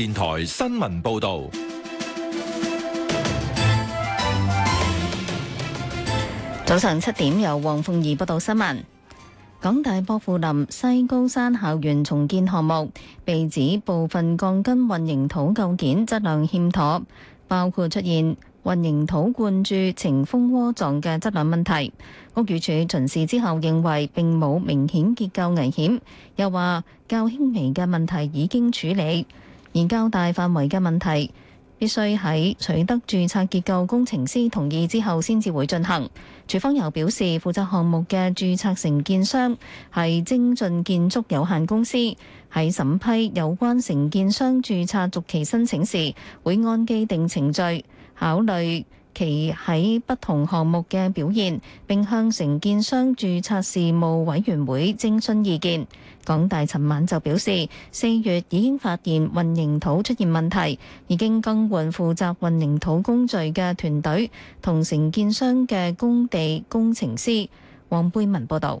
電台新聞報道，早上七點由黃鳳儀報道新聞。港大薄扶林西高山校園重建項目被指部分鋼筋混凝土構件質量欠妥，包括出現混凝土灌注呈蜂窩狀嘅質量問題。屋宇署巡視之後認為，並冇明顯結構危險，又話較輕微嘅問題已經處理。而較大範圍嘅問題必須喺取得註冊結構工程師同意之後先至會進行。署方又表示，負責項目嘅註冊承建商係精進建築有限公司，喺審批有關承建商註冊續期申請時會按既定程序考慮，其喺不同項目嘅表現並向承建商註冊事務委員會徵詢意見，港大尋晚就表示，四月已經發現混凝土出現問題，已經更換負責混凝土工序嘅團隊同承建商嘅工地工程師。黃貝文報道。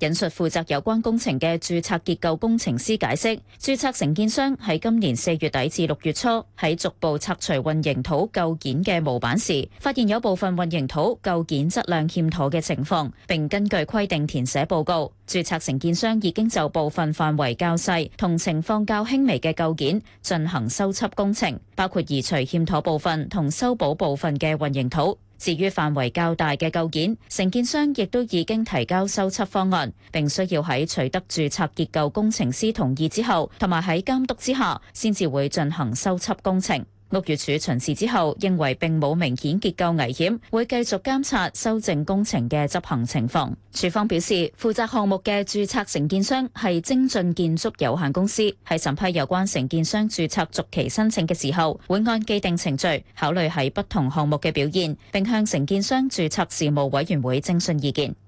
引述負責有關工程嘅註冊結構工程師解釋，註冊承建商喺今年四月底至六月初喺逐步拆除混凝土構件嘅模板時，發現有部分混凝土構件質量欠妥嘅情況，並根據規定填寫報告。註冊承建商已經就部分範圍較細同情況較輕微嘅構件進行修葺工程，包括移除欠妥部分同修補部分嘅混凝土。至於範圍較大嘅構件，承建商亦都已經提交修葺方案，並需要喺取得註冊結構工程師同意之後，同埋喺監督之下，先至會進行修葺工程。屋宇署巡視之後，認為並冇明顯結構危險，會繼續監察修正工程嘅執行情況。署方表示，負責項目嘅註冊承建商係精進建築有限公司，喺審批有關承建商註冊續期申請嘅時候，會按既定程序考慮喺不同項目嘅表現，並向承建商註冊事務委員會徵詢意見。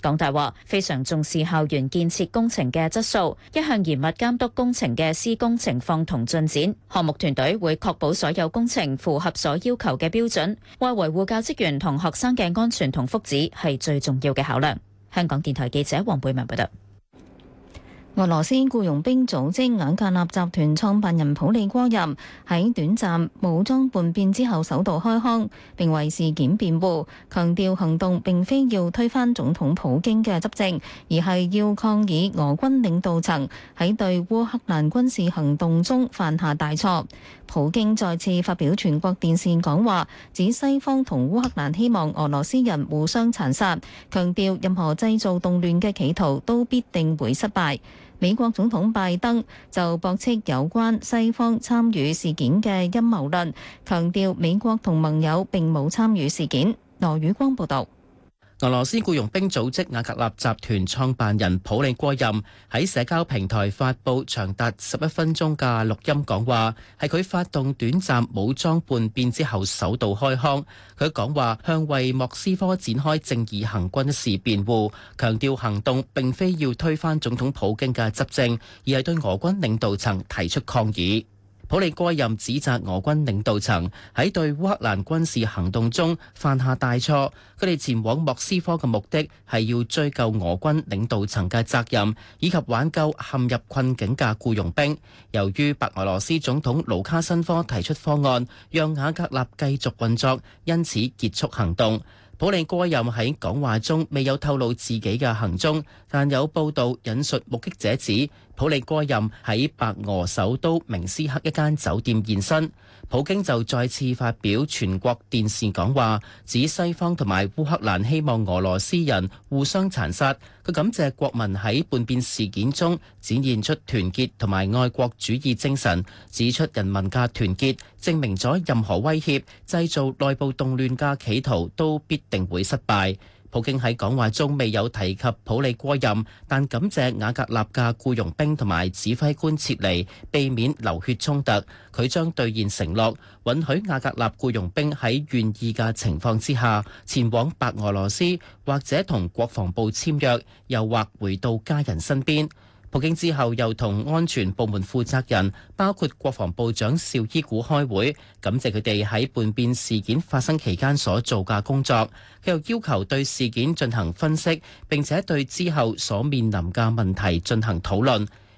港大話非常重視校園建設工程嘅質素，一向嚴密監督工程嘅施工情況同進展。項目團隊會確保所有工程符合所要求嘅標準，為維護教職員同學生嘅安全同福祉係最重要嘅考量。香港電台記者黃貝文報道。俄羅斯僱傭兵組織瓦格納集團創辦人普利戈任喺短暫武裝叛變之後首度開腔，並為事件辯護，強調行動並非要推翻總統普京嘅執政，而係要抗議俄軍領導層喺對烏克蘭軍事行動中犯下大錯。普京再次發表全國電視講話，指西方同烏克蘭希望俄羅斯人互相殘殺，強調任何製造動亂嘅企圖都必定會失敗。美國總統拜登就駁斥有關西方參與事件嘅陰謀論，強調美國同盟友並冇參與事件。羅宇光報道。俄羅斯僱傭兵組織瓦格納集團創辦人普利戈任喺社交平台發布長達十一分鐘嘅錄音講話，係佢發動短暫武裝叛變之後首度開腔。佢講話向為莫斯科展開正義行軍事辯護，強調行動並非要推翻總統普京嘅執政，而係對俄軍領導層提出抗議。普利戈任指責俄軍領導層喺對烏克蘭軍事行動中犯下大錯，佢哋前往莫斯科嘅目的係要追究俄軍領導層嘅責任，以及挽救陷入困境嘅僱傭兵。由於白俄羅斯總統盧卡申科提出方案，讓瓦格納繼續運作，因此結束行動。普利戈任喺講話中未有透露自己嘅行蹤，但有報道引述目擊者指。普利戈任喺白俄首都明斯克一間酒店現身，普京就再次發表全國電視講話，指西方同埋烏克蘭希望俄羅斯人互相殘殺。佢感謝國民喺叛變事件中展現出團結同埋愛國主義精神，指出人民嘅團結證明咗任何威脅製造內部動亂嘅企圖都必定會失敗。普京喺講話中未有提及普里戈任，但感謝瓦格納嘅僱傭兵同埋指揮官撤離，避免流血衝突。佢將兌現承諾，允許瓦格納僱傭兵喺願意嘅情況之下前往白俄羅斯，或者同國防部簽約，又或回到家人身邊。普京之後又同安全部門負責人，包括國防部長紹伊古開會，感謝佢哋喺叛變事件發生期間所做嘅工作。佢又要求對事件進行分析，並且對之後所面臨嘅問題進行討論。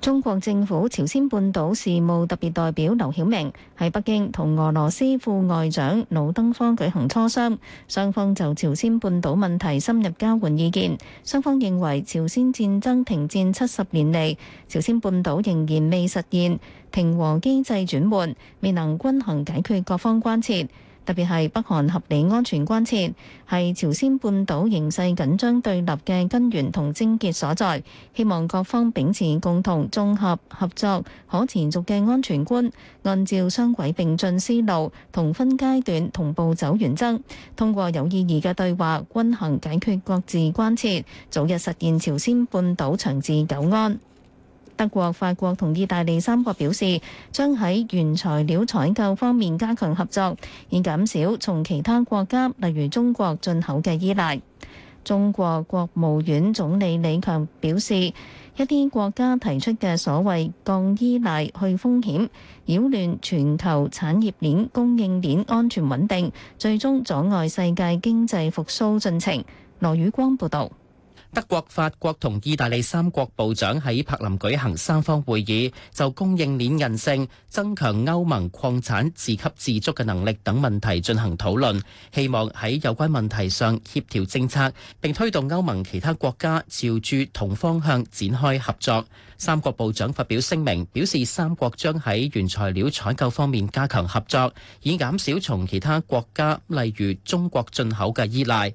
中國政府朝鮮半島事務特別代表劉曉明喺北京同俄羅斯副外長魯登科舉行磋商，雙方就朝鮮半島問題深入交換意見。雙方認為，朝鮮戰爭停戰七十年嚟，朝鮮半島仍然未實現停和機制轉換，未能均衡解決各方關切。特別係北韓合理安全關切，係朝鮮半島形勢緊張對立嘅根源同症結所在，希望各方秉持共同、綜合、合作、可持續嘅安全觀，按照雙軌並進思路，同分階段同步走原則，通過有意義嘅對話均衡解決各自關切，早日實現朝鮮半島長治久安。德國、法國同意大利三國表示，將喺原材料採購方面加強合作，以減少從其他國家，例如中國進口嘅依賴。中國國務院總理李強表示，一啲國家提出嘅所謂降依賴、去風險，擾亂全球產業鏈供應鏈安全穩定，最終阻礙世界經濟復甦進程。羅宇光報道。德國、法國同意大利三國部長喺柏林舉行三方會議，就供應鏈韌性、增強歐盟礦產自給自足嘅能力等問題進行討論，希望喺有關問題上協調政策，並推動歐盟其他國家朝住同方向展開合作。三國部長發表聲明，表示三國將喺原材料採購方面加強合作，以減少從其他國家，例如中國進口嘅依賴。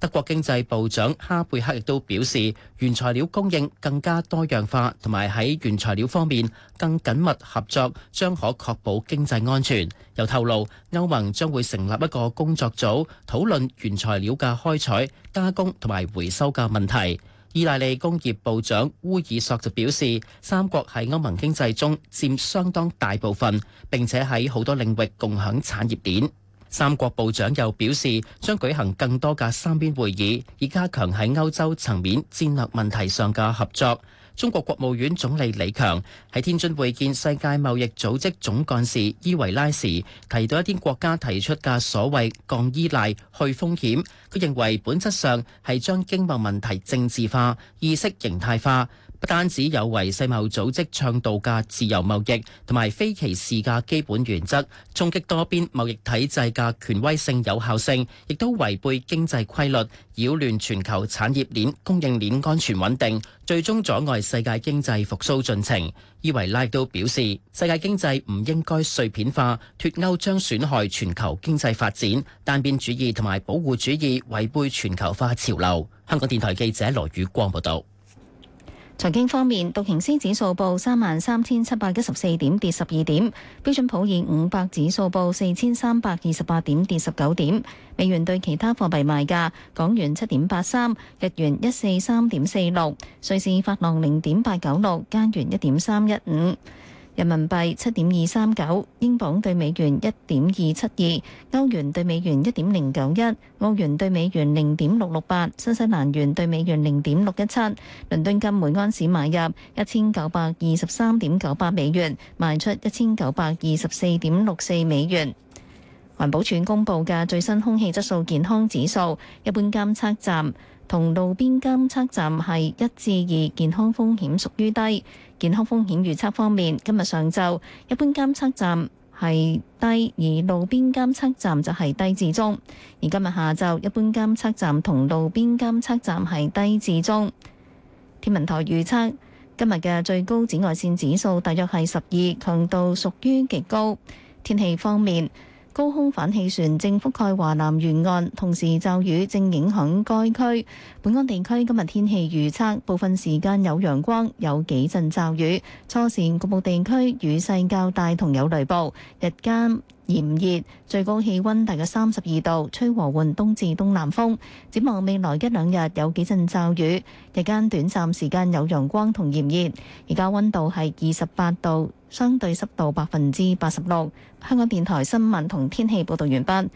德國經濟部長哈貝克亦都表示，原材料供應更加多樣化，同埋喺原材料方面更緊密合作，將可確保經濟安全。又透露，歐盟將會成立一個工作組，討論原材料嘅開採、加工同埋回收嘅問題。意大利工業部長烏爾索就表示，三國喺歐盟經濟中佔相當大部分，並且喺好多領域共享產業鏈。三國部長又表示，將舉行更多嘅三邊會議，以加強喺歐洲層面戰略問題上嘅合作。中國國務院總理李強喺天津會見世界貿易組織總幹事伊維拉時，提到一啲國家提出嘅所謂降依賴、去風險，佢認為本質上係將經貿問題政治化、意識形態化。不單止有違世貿組織倡導嘅自由貿易同埋非歧視嘅基本原則，衝擊多邊貿易體制嘅權威性有效性，亦都違背經濟規律，擾亂全球產業鏈供應鏈安全穩定，最終阻礙世界經濟復甦進程。伊維拉都表示，世界經濟唔應該碎片化，脱歐將損害全球經濟發展，單邊主義同埋保護主義違背全球化潮流。香港電台記者羅宇光報道。財經方面，道瓊斯指數報3萬3,714點，跌十二點；標準普爾500指數報4,328點，跌十九點。美元對其他貨幣賣價：港元七點八三，日元一四三點四六，瑞士法郎零點八九六，加元一點三一五。人民幣七點二三九，英鎊對美元一點二七二，歐元對美元一點零九一，澳元對美元零點六六八，新西蘭元對美元零點六一七。倫敦金每盎司買入一千九百二十三點九八美元，賣出一千九百二十四點六四美元。環保署公布嘅最新空氣質素健康指數，一般監測站同路邊監測站係一至二，健康風險屬於低。健康風險預測方面，今日上晝一般監測站係低，而路邊監測站就係低至中。而今日下晝一般監測站同路邊監測站係低至中。天文台預測，今日嘅最高紫外線指數大約係十二，強度屬於極高。天氣方面。高空反氣旋正覆蓋華南沿岸，同時驟雨正影響該區。本港地區今日天氣預測，部分時間有陽光，有幾陣驟雨。初時局部地區雨勢較大同有雷暴，日間炎熱，最高氣温大概三十二度，吹和緩東至東南風。展望未來一兩日有幾陣驟雨，日間短暫時間有陽光同炎熱。而家温度係二十八度。相對濕度百分之八十六。香港電台新聞同天氣報道完畢。